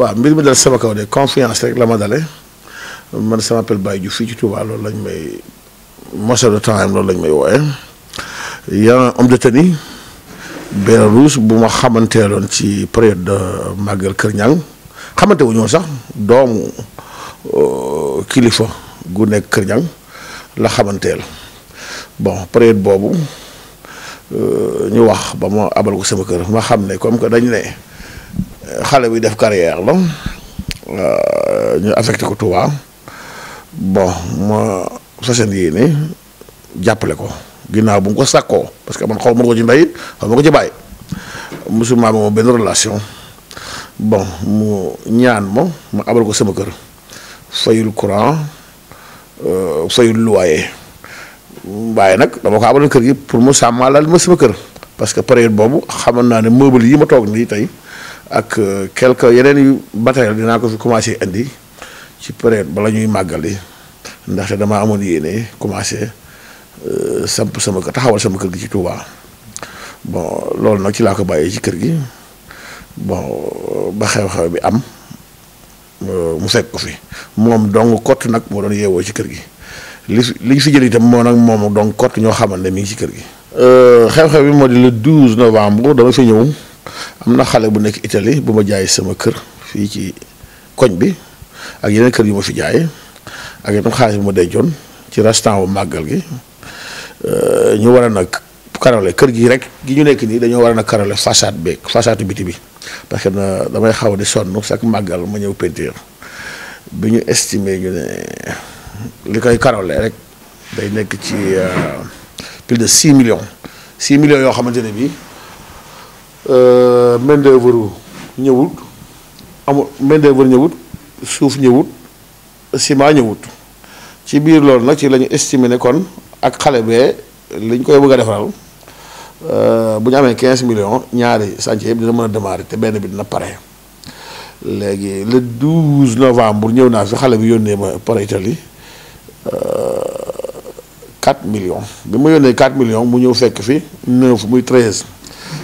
waaw mbir mi dal sama kaw de confiance rek la ma dale man sama appel Baye Diouf fii ci Touba loolu lañ may most of the time loolu lañ may wooye yaa homme de tenue benn bu ma xamanteeloon ci période de màggal Kër Ñang xamante wu ñoo sax doomu euh, kilifa gu nekk Kër Ñang la xamanteel bon période boobu euh, ñu wax ba ma abal ko sama kër ma xam ne comme que dañ ne xale bi def carrière la euh, ñu affecté ko Touba bon ma sa seen yéene jàppale ko ginnaaw bu mu ko sakkoo parce que man xaw ma ko ci mbay xaw ma ko ci bàyyi musulman bi moom benn relation bon mu ñaan ma mu abal ko sama kër fayul courant euh, fayul loyer waaye nag dama ko abaloon kër gi pour mu sàmmalal ma sama kër parce que période boobu xamoon naa ne meuble yi ma toog nii tey ak euh, quelques yeneen yu matériel dinaa ko fi commencé indi ci période bala ñuy màggali ndaxte damaa amoon yéene commencé euh, samp sama taxawal sama kër gi ci Touba bon loolu nag ci laa ko bàyyee ci kër gi bon ba xew-xew bi am euh, mu fekk ko fi moom dong kott nag moo doon yeewoo ci kër gi li li ñu fi jël itam moo nag moom dong kott ñoo xamante ne mi ngi ci kër gi. xew-xew bi moo di le 12 novembre dama fi ñëw. am na xale bu nekk Italie bu ma jaay sama kër fii ci koñ bi ak yeneen kër yu ma fi jaay ak itam xaalis bu ma dencoon ci restaurant wu màggal gi euh, ñu war a nag karole kër gi rek gi ñu nekk nii dañoo war a nag karole façade beeg façade bi parce que na damay xaw di sonn chaque màggal ma ñëw peinture bi ñu estime ñu ne li koy karole rek day nekk ci euh, plus de 6 millions 6 millions yoo xamante ne bii Euh, main d'œuvre ñëwut amul main d'œuvre ñëwut suuf ñëwut ciment ñëwut ci biir loolu nag ci la estime estimé ne kon ak xale bee liñ ñu koy bëgg a defaral euh, bu ñu amee quinze millions ñaari chantier yëpp dina mën a démarrer te benn bi dina pare léegi le 12 novembre ñëw naa fi xale bi yónnee ma pare Italie 4 euh, millions bi ma yónnee 4 millions mu ñëw fekk fi 9 muy 13.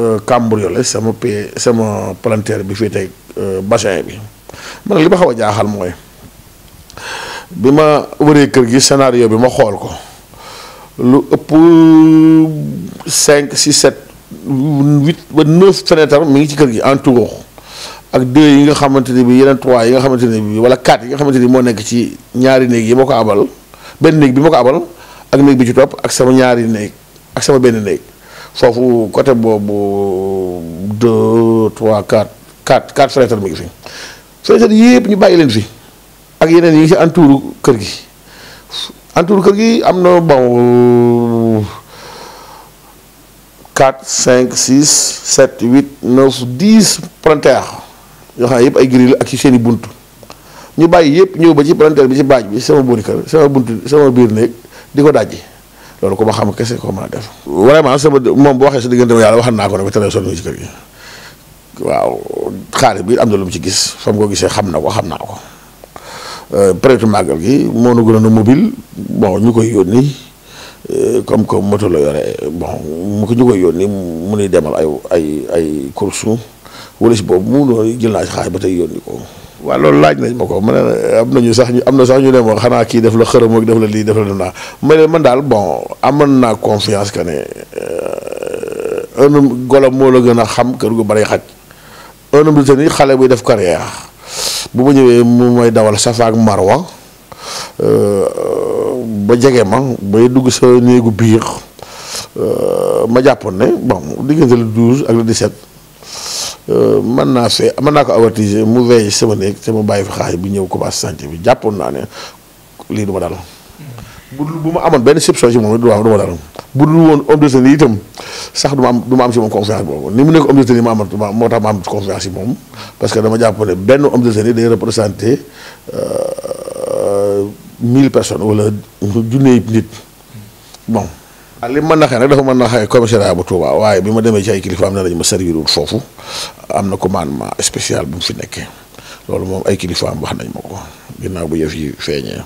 Euh, cambriolé sama p sama palanteer bi fii tey euh, bassin bi man li ma xaw a jaaxal mooy bi ma waree kër gi scénario bi ma xool ko lu ëpp cinq six sept huit ba neuf fenêtre mi ngi ci kër gi en tout ak deux yi nga xamante ne bi yeneen trois yi nga xamante ne bi wala quatre yi nga xamante ne moo nekk ci ñaari néeg yi ma ko abal benn néeg bi ma ko abal ak néeg bi ci topp ak sama ñaari néeg ak sama benn néeg fofu côté bobu 2 3 4 4 4 fenêtre mi ngi fi fenêtre yépp ñu bayi len fi ak yeneen yi ci entouru kër gi entouru kër gi amna na bon 4 5 6 7 8 9 10 palanteer yo xam ne ay grille ak ci seen buntu ñu bàyyi yëpp ñew ba ci palanteer bi ci baaj bi sama boori kër sama buntu sama biir nek diko dajji loolu ko ma xam kese ko mën a def vraiment sama moom bu waxee sa diggante yàlla waxal naa ko rek tere sonn ci kër waaw xaalis bi am lu mu ci gis fam ko gisee xam na ko xam naa ko peut-être màggal gi moo nu gënoon a mobile bon ñu koy yónni euh, comme que moto la yore bon mu ko ñu koy yónni mu nuy demal ay ay ay course wala si boobu mu noo jël naa si xaalis ba tey yónni ko waa loolu laaj nañ ma ko ma ne am ñu sax ñu am na sax ñu ne ma xanaa kii def la xërëm ak def la lii def la naa ma ne man daal bon am amoon naa confiance que ne euh, un golo moo la gën a xam kër gu bari xaj un homme de xale buy def carrière bu ma ñëwee mu may dawal safa ak wa euh, ba jege ma bay dugg sa néegu biix euh, ma jàppoon ne bon diggante le 12 ak le 17. Euh, man naa see mën naa ko avertir mu veillé sama néeg te bàyyi fi xaalis bi ñëw commencé sànc bi jàppoon naa ne lii du ma dal. bu bu ma amoon benn soupçon ci moom du ma dal bu dul woon homme de tenue itam sax du am duma am ci moom confiance boobu ni mu nekk homme de tenue ma amat ma moo tax ma am confiance ci moom parce que dama jàpp ne benn homme de tenue day représenté euh, mille personnes wala junneey nit ak man ma naxee nag dafa ma naxee commissariat bu Touba waaye bi ma demee ci ay kilifa am na lañ ma servirul foofu am na commandement spécial bu mu fi nekkee loolu moom ay kilifaam wax nañ ma ko ginnaaw bu yëf yi feeñee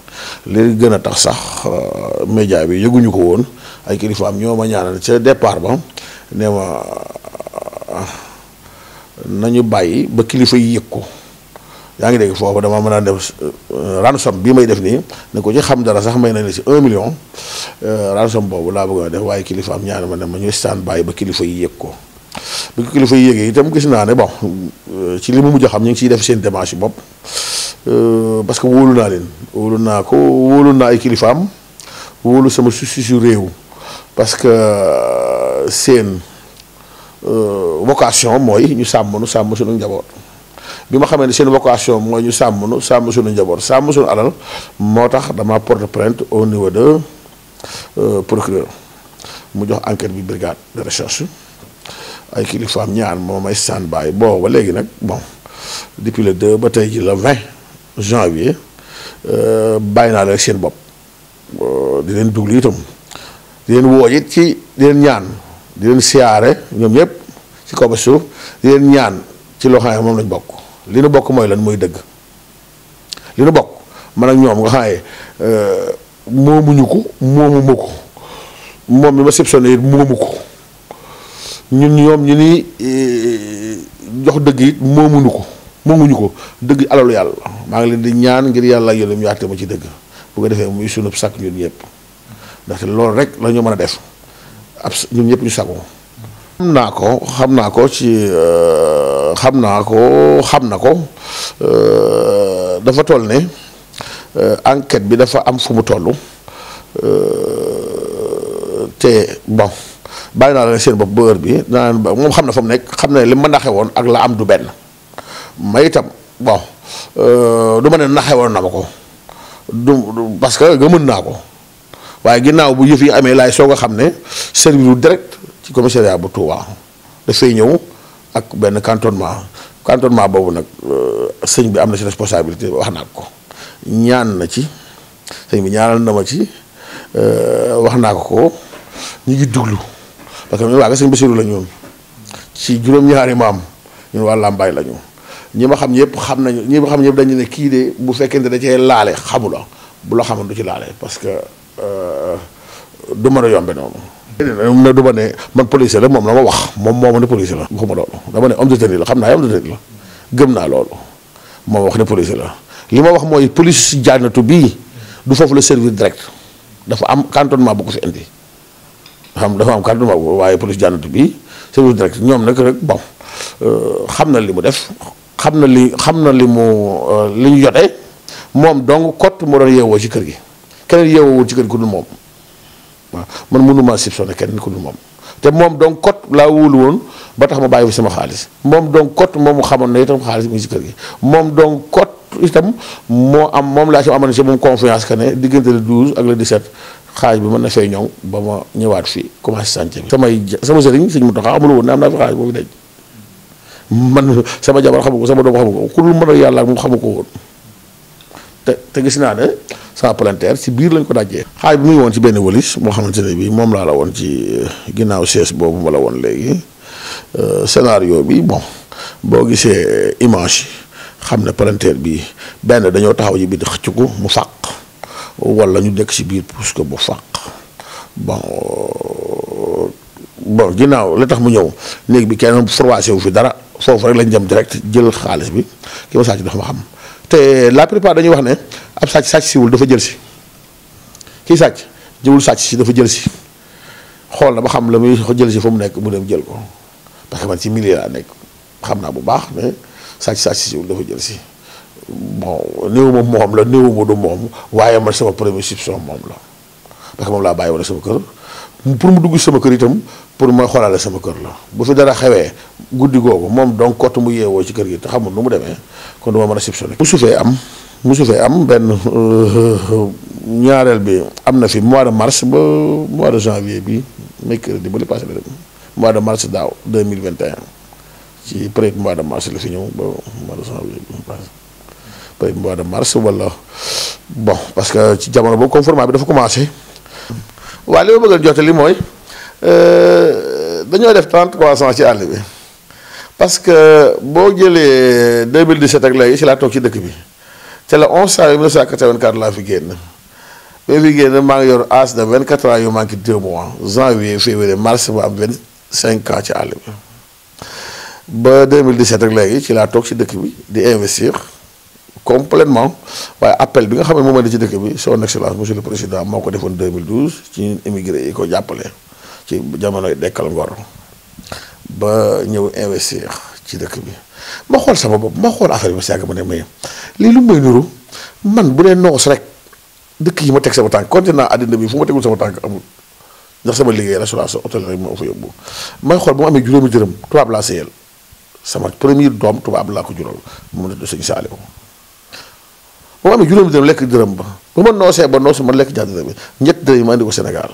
li gën a tax sax euh, média bi yëguñu ko woon ay kilifaam ñoo ma ñaanal ca départ ba ne ma euh, nañu bàyyi ba kilifa yi yëg ko yaa ngi dégg foofu dama mën a def euh, ransom bii may def nii ne ko ci xam dara sax may nañ ne si un million euh, ransom boobu laa bëggoon a def waaye kilifa am ñaari ma ne ma ñuy stand ba kilifa yi yëg ko bi ko kilifa yi yëgee itam gis naa ne bon euh, ci li mu mujj xam ñu ngi ciy def seen démarche yi bopp parce que wóolu naa leen wóolu naa ko wóolu naa ay kilifaam wóolu sama susu réew parce que seen vocation mooy ñu sàmm nu sàmm suñu njaboot. bi ma xamee ne seen vocation mooy ñu sam nu sam suñu njaboot sam suñu alal motax dama porte plainte au niveau de euh, procureur mu jox enquête bi brigade de recherche ay kilifa am ñaan mo may stand by bon ba légui nak bon depuis le 2 ba tay ji le 20 janvier euh naa la seen bop euh, di len dugli itam di len woo it ci di len ñaan di len siaré ñom ñep ci ko ba suuf di len ñaan ci lo xam mom lañ bokku li nu bokk mooy lan mooy dëgg li nu bokk man ak ñoom nga xaaye euh, ko moomu ma mi ma sipsone it ko ñun ñu ni euh, jox dëgg moomuñu ko moomuñu ko dëgg alalu maa ngi leen di ñaan ngir yàlla ak yolum yaate ci dëgg bu ko defee muy sunub sàkk ñun ñëpp loolu rek la mën a def ab ñun ñu sàkku xam naa ko xam naa ko ci euh, xam naa ko xam na ko euh, dafa toll ne euh, enquête bi dafa am fu mu toll euh, te bon bàyyi naa la seen bopp ba heure bi danaa moom xam na fa mu nekk xam ne li ma naxe woon ak la am du benn ma itam bon du ma ne naxe woon na ma ko du parce que mën naa ko waaye ginnaaw bu yëf yi amee laay soo a xam ne service direct ci commissariat bu Touba dafay ñëw ak benn cantonnement cantonnement boobu nag euh, sëñ bi am na ci responsabilité wax naa ko ñaan na ci sëñ bi ñaanal na ma ci euh, wax naa ko ko ñu ngi duglu parce que ñun waa sëñ Bassirou la ñoom ci juróom-ñaari maam ñun waa Lambaay la ñu ñi ma xam ñëpp xam nañu ñi ma xam ñëpp dañu ne kii de bu fekkente da cee laale xamula bu la xamoon du ci laale parce que euh, du mën a yombe noonu. na du ma ne man policier la moom la ma wax moom moo ma ne policier la waxuma loolu dama ne homme de tenue la xam naa moo wax ne policier la li ma wax mooy police jaanatu bi du foofu la service direct dafa am cantonnement bu ko fi indi xam dafa am cantonnement bu waaye police jaanatu bi service direct ñoom nag rek bon euh, xam na li mu def xam na li xam na li mu euh, li ñu jotee moom donc kot moo doon yeewoo ci kër gi keneen yeewoowul ci kër gi ku dul moom waaw man mënumaa soupçonné kenn ku dul moom te moom donc kot laa wóolu woon ba tax ma bàyyi fi sama xaalis moom donc kot moom mu xamoon na itam xaalis mu si kër gi moom donc kot itam moo am moom laa ci amoon si moom que ne diggante le 12 ak le 17 xaalis bi mën na fay ñoŋ ba ma ñëwaat fi commencé sànce bi. samay sama sëriñ suñu mu taxaw amul woon ne am naa fi xaalis boobu denc man sama jabar xamu sama doom xamu ko ku dul mën a yàlla ak moom xamu ko woon te te gis naa ne. sans palanteer si biir lañ ko dajjee xaaj bi muy woon ci benn walis moo xamante ne bi moom laa la woon ci eh, ginnaaw chaise boobu ma la woon léegi eh, scénario bi bon boo gisee eh, image xam ne palanteer bi benn dañoo taxaw ji bi di ci ko mu fàq wala ñu nekk si biir puus ko bu fàq bon bon ginnaaw la tax mu ñëw néeg bi kenn forwaase wu fi dara foofu rek lañ dem direct jël xaalis bi ki ma sàcc dafa ma xam te la plupart dañuy wax ne ab sàcc sàcc siwul dafa jël si kii sàcc jëwul sàcc si dafa jël si xool na ba xam la muy jël si fu mu nekk mu dem jël ko parce que man ci milieu laa nekk xam naa bu baax mais sàcc sàcc siwul dafa jël si bon néew moo moom la néew du moom waaye man sama premier soupçon moom la parce moom laa bàyyi woon sama kër. pour mu dugg sama kër itam pour ma xolale sama kër la bu fi dara xewé guddi gogo mom donc kott mu yeewoo ci kër gi te xamul nu mu démé kon dama mëna a sibsone am mu soufé am ben euh, ñaareel bi amna fi mois de mars ba mois de janvier bi mercredi bu li passé rek mois de mars daw 2021 ci près mois de mars la fi ñew ba mois de janvier bi passé peut mois de mars wala bon parce que ci jamono boobu conformat dafa commencé waa loo ma bëgg a jotali mooy euh, dañoo def 33 ans ci àll bi parce que boo jëlee 2017 ak léegi ci laa toog ci dëkk bi te le 11 janvier 1984 laa fi génn ba fi génn maa ngi yor âge de 24 ans yu manqué 2 mois janvier février mars ba am 25 ans ci àll bi ba 2017 ak léegi ci laa toog ci dëkk bi di investir. complètement waye appel bi nga xam ne la ci dëkk bi son excellence monsieur le président moko ko 2012 ci immigré yi ko jappalé ci jamono dékkal ngor ba ñëw investir ci dëkk bi ma xol sama bop ma xol affaire bi si yàgg ma ne lu may nuru man bu dee noos rek dëkk yi ma tek sama tank continent adina bi fu ma tegul sama tank amul ndax sama liggéey hôtel rek moo fa yobbu may xol bu ma amee juróomi dërëm tubaab laa seeyal sama premier dom tubaab laa ko jural mo do seigne Saaliw ba ma amee juróomi dërëm lekk dërëm ba ba ma noosee ba noosu ma lekk jaar dërëm bi ñett dërëm yi ma andi ko Sénégal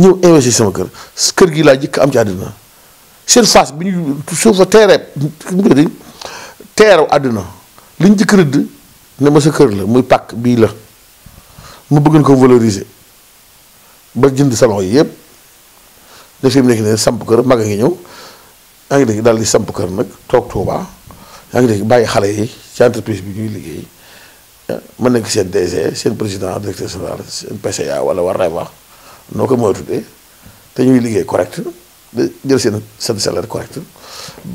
ñëw investir sama kër kër gi laa jëkk am ci àddina surface bi ñu suuf fa teeree teerewu àddina li ñu jëkk rëdd ne ma sa kër la muy pàkk bii la mu bëgg ko valoriser ba jënd sama yi yëpp ne fi mu nekk ne samp kër mag a ngi ñëw yaa ngi dégg daal di samp kër nag toog Tuubaa yaa ngi dégg bàyyi xale yi ci entreprise bi ñuy liggéey mën nekk seen DG seen président directeur général seen PCA wala war naay wax noo ko mën a tuddee te ñuy liggéey correct jël seen seen salaire correct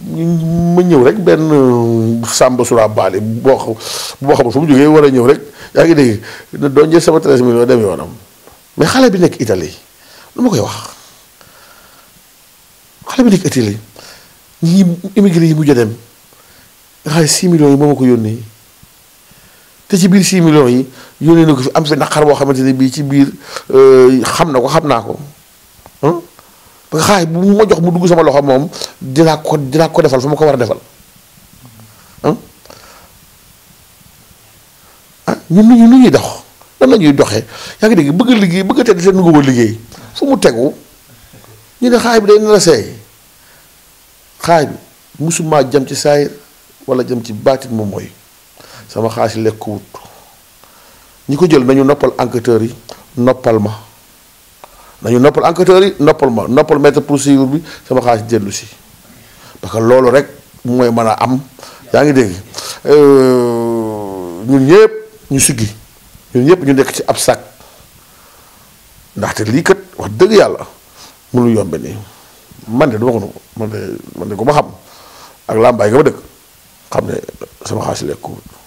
ma ñëw rek benn sàmba su baali boo xam boo xam fu mu jógee war a ñëw rek yaa ngi dégg doo doon jël sama 13 millions dem yoonam mais xale bi nekk Italie lu ma koy wax xale bi nekk Italie ñi immigré yi mujj a dem nga xam ne 6 yi moo ma ko yónnee. te ci biir sii millions yi yónnee na ko fi am fi naqar boo xamante ne bii ci biir euh, xam na ko xam naa ko xaay bu mu ma jox mu dugg sama loxo moom dinaa ko dinaa ko defal fa ma ko war a defal ah ñun ñu nu ñuy dox lan na ñuy doxe yaa dégg bëgg liggéey bëgg a tedd te nangu ko liggéey fu mu tegu ñu ne xaay bi day nar a xaay bi musuma jëm ci saayir walla jëm ci baatit moom mooy. sama xaalis lekkuwut ñi ko jël nañu noppal enquêteur yi noppal ma nañu noppal enquêteur yi noppal ma noppal maître procédure bi sama xaalis dellu si parce que loolu rek mooy mën a am yaa ngi dégg euh, ñun ñëpp ñu siggi ñun ñëpp ñu nekk ci ab sac ndaxte lii kat wax dëgg yàlla mënu yombe nii man de duma ko man de man de ko ma xam ak lambaay ga ba dëkk xam ne sama xaalis lekkuwut